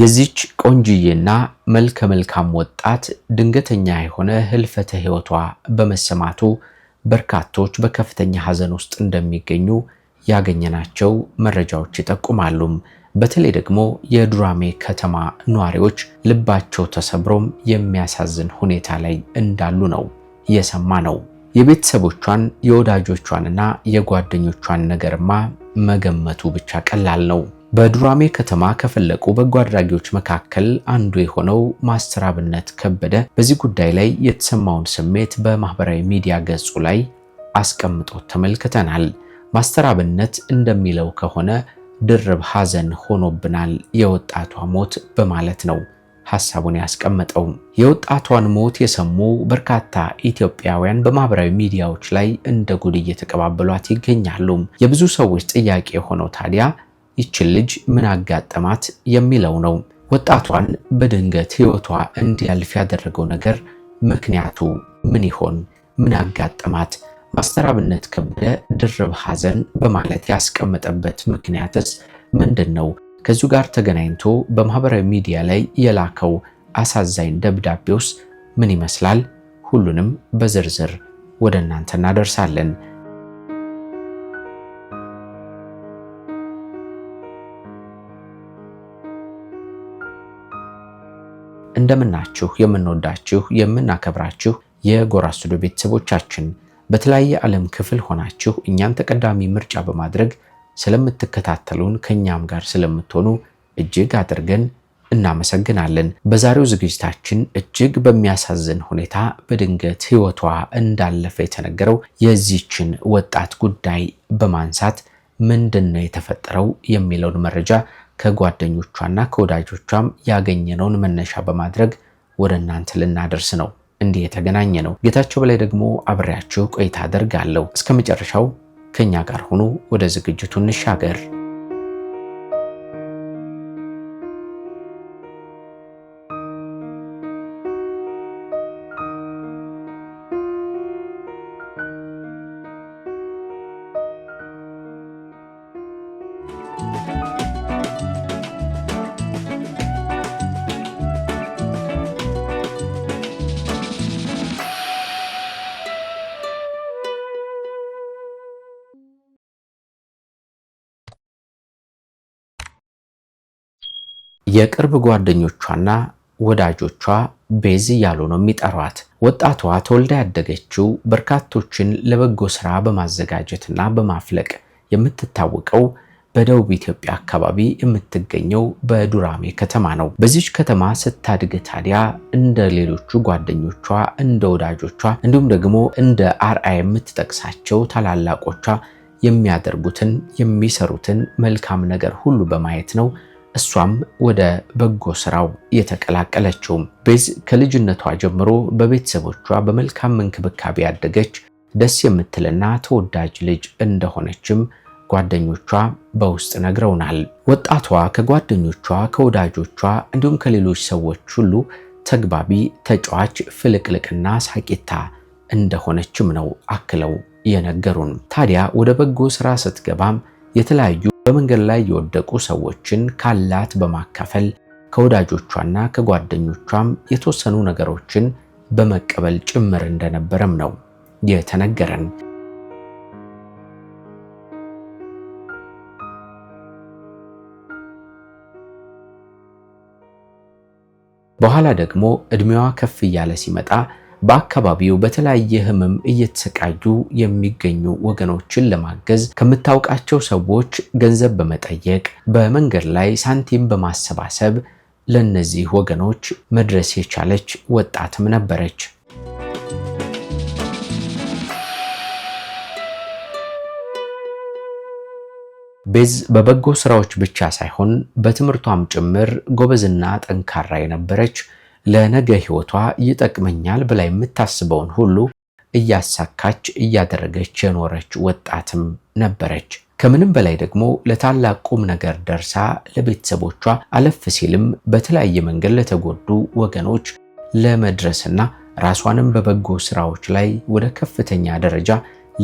የዚች ቆንጅዬና መልከ መልካም ወጣት ድንገተኛ የሆነ ህልፈተ ህይወቷ በመሰማቱ በርካቶች በከፍተኛ ሐዘን ውስጥ እንደሚገኙ ያገኘናቸው መረጃዎች ይጠቁማሉ። በተለይ ደግሞ የዱራሜ ከተማ ነዋሪዎች ልባቸው ተሰብሮም የሚያሳዝን ሁኔታ ላይ እንዳሉ ነው የሰማ ነው። የቤተሰቦቿን የወዳጆቿንና የጓደኞቿን ነገርማ መገመቱ ብቻ ቀላል ነው። በዱራሜ ከተማ ከፈለቁ በጎ አድራጊዎች መካከል አንዱ የሆነው ማስተር አብነት ከበደ በዚህ ጉዳይ ላይ የተሰማውን ስሜት በማህበራዊ ሚዲያ ገጹ ላይ አስቀምጦ ተመልክተናል። ማስተር አብነት እንደሚለው ከሆነ ድርብ ሐዘን ሆኖብናል የወጣቷ ሞት በማለት ነው ሐሳቡን ያስቀመጠው። የወጣቷን ሞት የሰሙ በርካታ ኢትዮጵያውያን በማህበራዊ ሚዲያዎች ላይ እንደ ጉድ እየተቀባበሏት ይገኛሉ። የብዙ ሰዎች ጥያቄ የሆነው ታዲያ ይች ልጅ ምን አጋጠማት የሚለው ነው። ወጣቷን በድንገት ህይወቷ እንዲያልፍ ያደረገው ነገር ምክንያቱ ምን ይሆን? ምን አጋጠማት? ማስተር አብነት ከበደ ድርብ ሐዘን በማለት ያስቀመጠበት ምክንያትስ ምንድን ነው? ከዚሁ ጋር ተገናኝቶ በማህበራዊ ሚዲያ ላይ የላከው አሳዛኝ ደብዳቤውስ ምን ይመስላል? ሁሉንም በዝርዝር ወደ እናንተ እናደርሳለን። እንደምናችሁ የምንወዳችሁ የምናከብራችሁ የጎራ ስቱዲዮ ቤተሰቦቻችን በተለያየ ዓለም ክፍል ሆናችሁ እኛን ተቀዳሚ ምርጫ በማድረግ ስለምትከታተሉን ከእኛም ጋር ስለምትሆኑ እጅግ አድርገን እናመሰግናለን። በዛሬው ዝግጅታችን እጅግ በሚያሳዝን ሁኔታ በድንገት ሕይወቷ እንዳለፈ የተነገረው የዚችን ወጣት ጉዳይ በማንሳት ምንድን ነው የተፈጠረው የሚለውን መረጃ ከጓደኞቿና ከወዳጆቿም ያገኘነውን መነሻ በማድረግ ወደ እናንተ ልናደርስ ነው። እንዲህ የተገናኘ ነው። ጌታቸው በላይ ደግሞ አብሬያችሁ ቆይታ አደርጋለሁ። እስከ መጨረሻው ከእኛ ጋር ሆኖ ወደ ዝግጅቱ እንሻገር። የቅርብ ጓደኞቿና ወዳጆቿ ቤዝ እያሉ ነው የሚጠሯት። ወጣቷ ተወልዳ ያደገችው በርካቶችን ለበጎ ስራ በማዘጋጀትና በማፍለቅ የምትታወቀው በደቡብ ኢትዮጵያ አካባቢ የምትገኘው በዱራሜ ከተማ ነው። በዚች ከተማ ስታድግ ታዲያ እንደ ሌሎቹ ጓደኞቿ፣ እንደ ወዳጆቿ እንዲሁም ደግሞ እንደ አርአያ የምትጠቅሳቸው ታላላቆቿ የሚያደርጉትን የሚሰሩትን መልካም ነገር ሁሉ በማየት ነው እሷም ወደ በጎ ስራው የተቀላቀለችው። ቤዝ ከልጅነቷ ጀምሮ በቤተሰቦቿ በመልካም እንክብካቤ ያደገች ደስ የምትልና ተወዳጅ ልጅ እንደሆነችም ጓደኞቿ በውስጥ ነግረውናል። ወጣቷ ከጓደኞቿ ከወዳጆቿ፣ እንዲሁም ከሌሎች ሰዎች ሁሉ ተግባቢ፣ ተጫዋች፣ ፍልቅልቅና ሳቂታ እንደሆነችም ነው አክለው የነገሩን። ታዲያ ወደ በጎ ስራ ስትገባም የተለያዩ በመንገድ ላይ የወደቁ ሰዎችን ካላት በማካፈል ከወዳጆቿና ከጓደኞቿም የተወሰኑ ነገሮችን በመቀበል ጭምር እንደነበረም ነው የተነገረን። በኋላ ደግሞ እድሜዋ ከፍ እያለ ሲመጣ በአካባቢው በተለያየ ህመም እየተሰቃዩ የሚገኙ ወገኖችን ለማገዝ ከምታውቃቸው ሰዎች ገንዘብ በመጠየቅ በመንገድ ላይ ሳንቲም በማሰባሰብ ለእነዚህ ወገኖች መድረስ የቻለች ወጣትም ነበረች። ቤዝ በበጎ ስራዎች ብቻ ሳይሆን በትምህርቷም ጭምር ጎበዝና ጠንካራ የነበረች ለነገ ህይወቷ ይጠቅመኛል ብላ የምታስበውን ሁሉ እያሳካች እያደረገች የኖረች ወጣትም ነበረች። ከምንም በላይ ደግሞ ለታላቅ ቁም ነገር ደርሳ ለቤተሰቦቿ አለፍ ሲልም በተለያየ መንገድ ለተጎዱ ወገኖች ለመድረስና ራሷንም በበጎ ስራዎች ላይ ወደ ከፍተኛ ደረጃ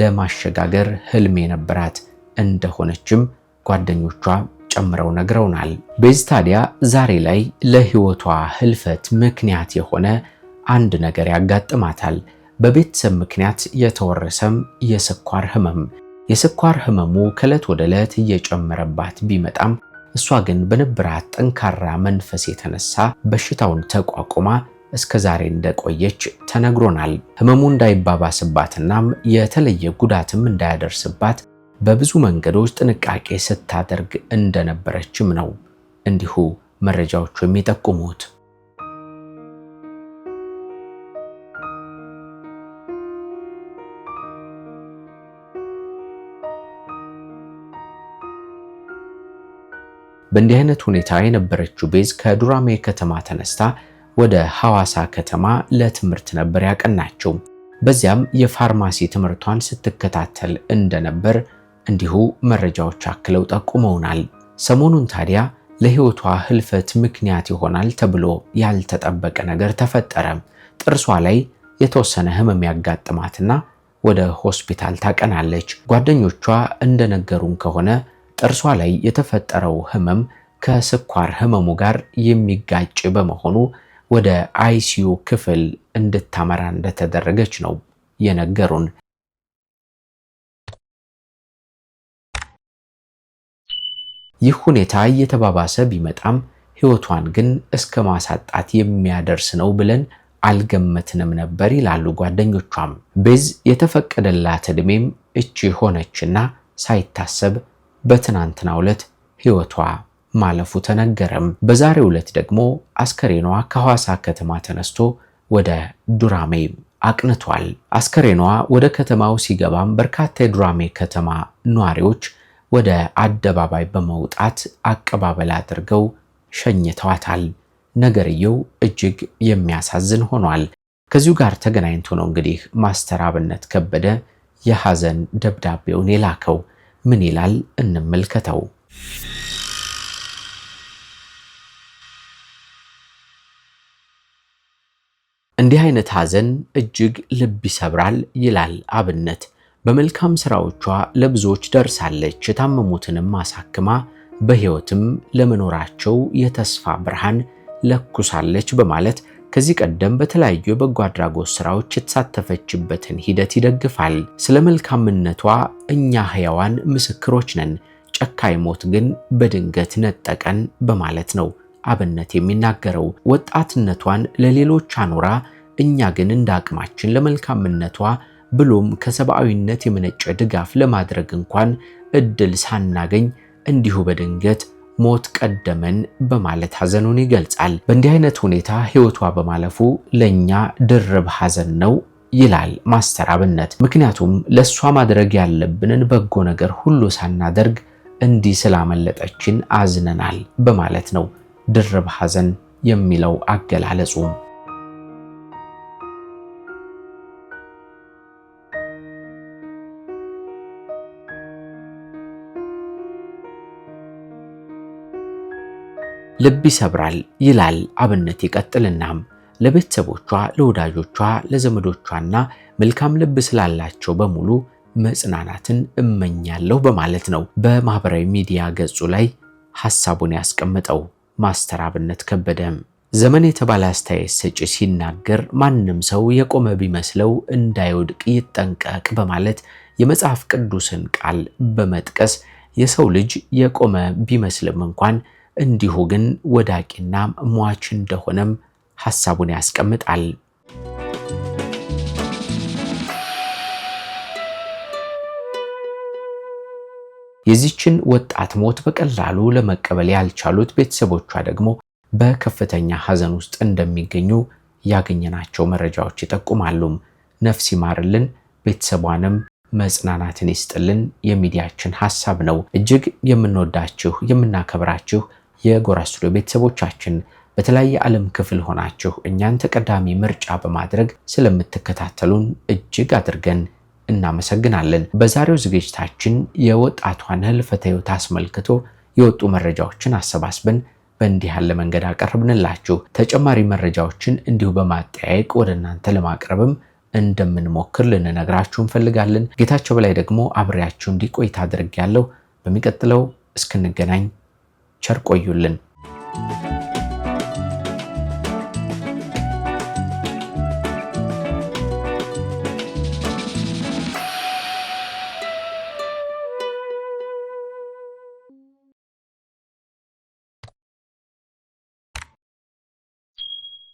ለማሸጋገር ህልም የነበራት እንደሆነችም ጓደኞቿ ጨምረው ነግረውናል። ቤዝ ታዲያ ዛሬ ላይ ለህይወቷ ህልፈት ምክንያት የሆነ አንድ ነገር ያጋጥማታል። በቤተሰብ ምክንያት የተወረሰም የስኳር ህመም። የስኳር ህመሙ ከእለት ወደ ዕለት እየጨመረባት ቢመጣም እሷ ግን በንብራት ጠንካራ መንፈስ የተነሳ በሽታውን ተቋቁማ እስከ ዛሬ እንደቆየች ተነግሮናል። ህመሙ እንዳይባባስባትናም የተለየ ጉዳትም እንዳያደርስባት በብዙ መንገዶች ጥንቃቄ ስታደርግ እንደነበረችም ነው እንዲሁ መረጃዎቹ የሚጠቁሙት። በእንዲህ አይነት ሁኔታ የነበረችው ቤዝ ከዱራሜ ከተማ ተነስታ ወደ ሐዋሳ ከተማ ለትምህርት ነበር ያቀናቸው። በዚያም የፋርማሲ ትምህርቷን ስትከታተል እንደነበር እንዲሁ መረጃዎች አክለው ጠቁመውናል። ሰሞኑን ታዲያ ለህይወቷ ህልፈት ምክንያት ይሆናል ተብሎ ያልተጠበቀ ነገር ተፈጠረ። ጥርሷ ላይ የተወሰነ ህመም ያጋጥማትና ወደ ሆስፒታል ታቀናለች። ጓደኞቿ እንደነገሩን ከሆነ ጥርሷ ላይ የተፈጠረው ህመም ከስኳር ህመሙ ጋር የሚጋጭ በመሆኑ ወደ አይሲዩ ክፍል እንድታመራ እንደተደረገች ነው የነገሩን። ይህ ሁኔታ እየተባባሰ ቢመጣም ሕይወቷን ግን እስከ ማሳጣት የሚያደርስ ነው ብለን አልገመትንም ነበር ይላሉ ጓደኞቿም። ቤዝ የተፈቀደላት ዕድሜም እቺ ሆነችና ሳይታሰብ በትናንትና ዕለት ሕይወቷ ማለፉ ተነገረም። በዛሬው ዕለት ደግሞ አስከሬኗ ከሐዋሳ ከተማ ተነስቶ ወደ ዱራሜ አቅንቷል። አስከሬኗ ወደ ከተማው ሲገባም በርካታ የዱራሜ ከተማ ነዋሪዎች ወደ አደባባይ በመውጣት አቀባበል አድርገው ሸኝተዋታል። ነገርየው እጅግ የሚያሳዝን ሆኗል። ከዚሁ ጋር ተገናኝቶ ነው እንግዲህ ማስተር አብነት ከበደ የሐዘን ደብዳቤውን የላከው። ምን ይላል እንመልከተው። እንዲህ አይነት ሐዘን እጅግ ልብ ይሰብራል ይላል አብነት በመልካም ስራዎቿ ለብዙዎች ደርሳለች። የታመሙትንም አሳክማ በህይወትም ለመኖራቸው የተስፋ ብርሃን ለኩሳለች በማለት ከዚህ ቀደም በተለያዩ የበጎ አድራጎት ስራዎች የተሳተፈችበትን ሂደት ይደግፋል። ስለ መልካምነቷ እኛ ህያዋን ምስክሮች ነን፣ ጨካኝ ሞት ግን በድንገት ነጠቀን በማለት ነው አብነት የሚናገረው። ወጣትነቷን ለሌሎች አኑራ እኛ ግን እንደ አቅማችን ለመልካምነቷ ብሎም ከሰብአዊነት የመነጨ ድጋፍ ለማድረግ እንኳን እድል ሳናገኝ እንዲሁ በድንገት ሞት ቀደመን በማለት ሐዘኑን ይገልጻል። በእንዲህ አይነት ሁኔታ ሕይወቷ በማለፉ ለእኛ ድርብ ሐዘን ነው ይላል ማስተር አብነት። ምክንያቱም ለእሷ ማድረግ ያለብንን በጎ ነገር ሁሉ ሳናደርግ እንዲህ ስላመለጠችን አዝነናል በማለት ነው ድርብ ሐዘን የሚለው አገላለጹም ልብ ይሰብራል ይላል አብነት ይቀጥልናም ለቤተሰቦቿ፣ ለወዳጆቿ፣ ለዘመዶቿና መልካም ልብ ስላላቸው በሙሉ መጽናናትን እመኛለሁ በማለት ነው በማህበራዊ ሚዲያ ገጹ ላይ ሐሳቡን ያስቀመጠው ማስተር አብነት ከበደም። ዘመን የተባለ አስተያየት ሰጪ ሲናገር ማንም ሰው የቆመ ቢመስለው እንዳይወድቅ ይጠንቀቅ በማለት የመጽሐፍ ቅዱስን ቃል በመጥቀስ የሰው ልጅ የቆመ ቢመስልም እንኳን እንዲሁ ግን ወዳቂና ሟች እንደሆነም ሐሳቡን ያስቀምጣል። የዚችን ወጣት ሞት በቀላሉ ለመቀበል ያልቻሉት ቤተሰቦቿ ደግሞ በከፍተኛ ሐዘን ውስጥ እንደሚገኙ ያገኘናቸው መረጃዎች ይጠቁማሉ። ነፍስ ይማርልን፣ ቤተሰቧንም መጽናናትን ይስጥልን የሚዲያችን ሐሳብ ነው። እጅግ የምንወዳችሁ የምናከብራችሁ የጎራ ስቱዲዮ ቤተሰቦቻችን በተለያየ ዓለም ክፍል ሆናችሁ እኛን ተቀዳሚ ምርጫ በማድረግ ስለምትከታተሉን እጅግ አድርገን እናመሰግናለን። በዛሬው ዝግጅታችን የወጣቷን ህልፈተ ህይወት አስመልክቶ የወጡ መረጃዎችን አሰባስበን በእንዲህ ያለ መንገድ አቀርብንላችሁ። ተጨማሪ መረጃዎችን እንዲሁ በማጠያየቅ ወደ እናንተ ለማቅረብም እንደምንሞክር ልንነግራችሁ እንፈልጋለን። ጌታቸው በላይ ደግሞ አብሬያችሁ እንዲቆይታ ያለው በሚቀጥለው እስክንገናኝ ቸር ቆዩልን።